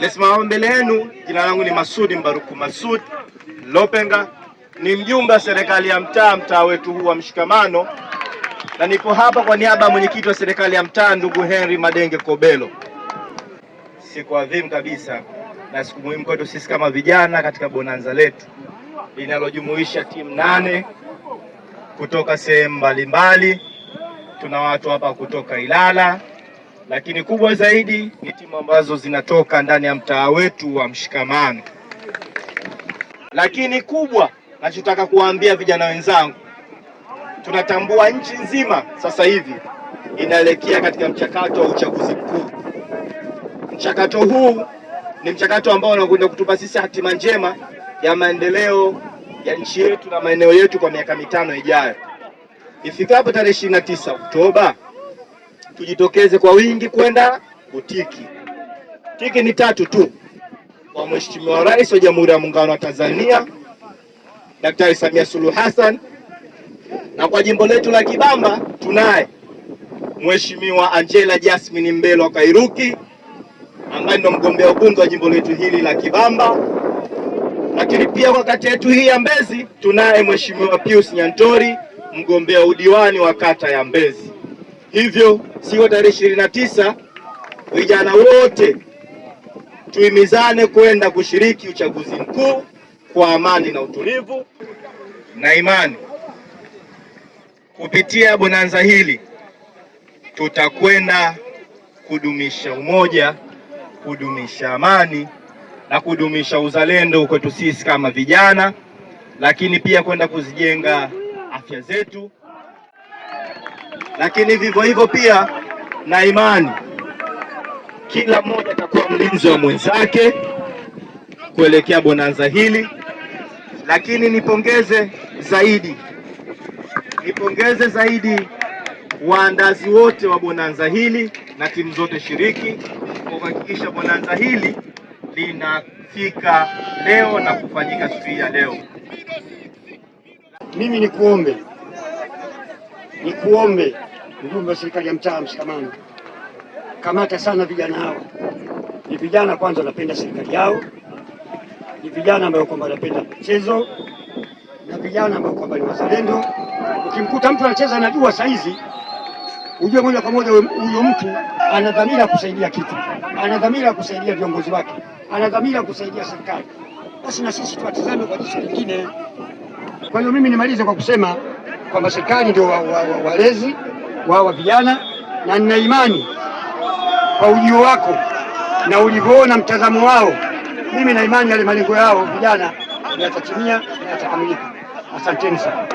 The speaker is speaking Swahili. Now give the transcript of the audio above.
Nasimama mbele yenu, jina langu ni Masudi Mbaruku Masud Lopenga, ni mjumbe wa serikali ya mtaa, mtaa wetu huu wa Mshikamano, na nipo hapa kwa niaba ya mwenyekiti wa serikali ya mtaa ndugu Henry Madenge Kobelo. Siku adhimu kabisa na siku muhimu kwetu sisi kama vijana katika bonanza letu linalojumuisha timu nane kutoka sehemu mbalimbali. Tuna watu hapa kutoka Ilala lakini kubwa zaidi ni timu ambazo zinatoka ndani ya mtaa wetu wa mshikamano. Lakini kubwa nachotaka kuwaambia vijana wenzangu, tunatambua nchi nzima sasa hivi inaelekea katika mchakato wa uchaguzi mkuu. Mchakato huu ni mchakato ambao unakwenda kutupa sisi hatima njema ya maendeleo ya nchi yetu na maeneo yetu kwa miaka mitano ijayo. Ifikapo tarehe 29 Oktoba tujitokeze kwa wingi kwenda kutiki. Tiki ni tatu tu kwa Mheshimiwa Rais wa Jamhuri ya Muungano wa Tanzania Daktari Samia Suluhu Hassan, na kwa jimbo letu la Kibamba tunaye Mheshimiwa Angela Jasmine Mbelwa Kairuki ambaye ndo mgombea ubunge wa jimbo letu hili la Kibamba, lakini pia kwa kata yetu hii ya Mbezi tunaye Mheshimiwa Pius Nyantori mgombea udiwani wa kata ya Mbezi. Hivyo siku tarehe ishirini na tisa vijana wote tuhimizane kwenda kushiriki uchaguzi mkuu kwa amani na utulivu na imani. Kupitia bonanza hili tutakwenda kudumisha umoja, kudumisha amani na kudumisha uzalendo kwetu sisi kama vijana, lakini pia kwenda kuzijenga afya zetu lakini vivyo hivyo pia na imani. Kila mmoja atakuwa mlinzi wa mwenzake kuelekea bonanza hili, lakini nipongeze zaidi, nipongeze zaidi waandazi wote wa bonanza hili na timu zote shiriki kwa kuhakikisha bonanza hili linafika leo na kufanyika siku ya leo. Mimi nikuombe nikuombe Ujumbe wa serikali ya mtaa, mshikamano, kamata sana vijana hao. Ni vijana kwanza wanapenda serikali yao, ni vijana ambao kwamba wanapenda mchezo na vijana ambao kwamba ni wazalendo. Ukimkuta mtu anacheza anajua saizi, ujue moja kwa moja huyo mtu ana dhamira kusaidia kitu, ana dhamira kusaidia viongozi wake, ana dhamira kusaidia serikali. Basi na sisi tuwatizame kwa jicho lingine. Kwa hiyo mimi nimalize kwa kusema kwamba serikali ndio walezi wa, wa, wa, wa wao vijana, na nina imani kwa ujio wako na ulivyoona mtazamo wao, mimi na imani yale malengo yao vijana yatatimia na yatakamilika. Asanteni sana.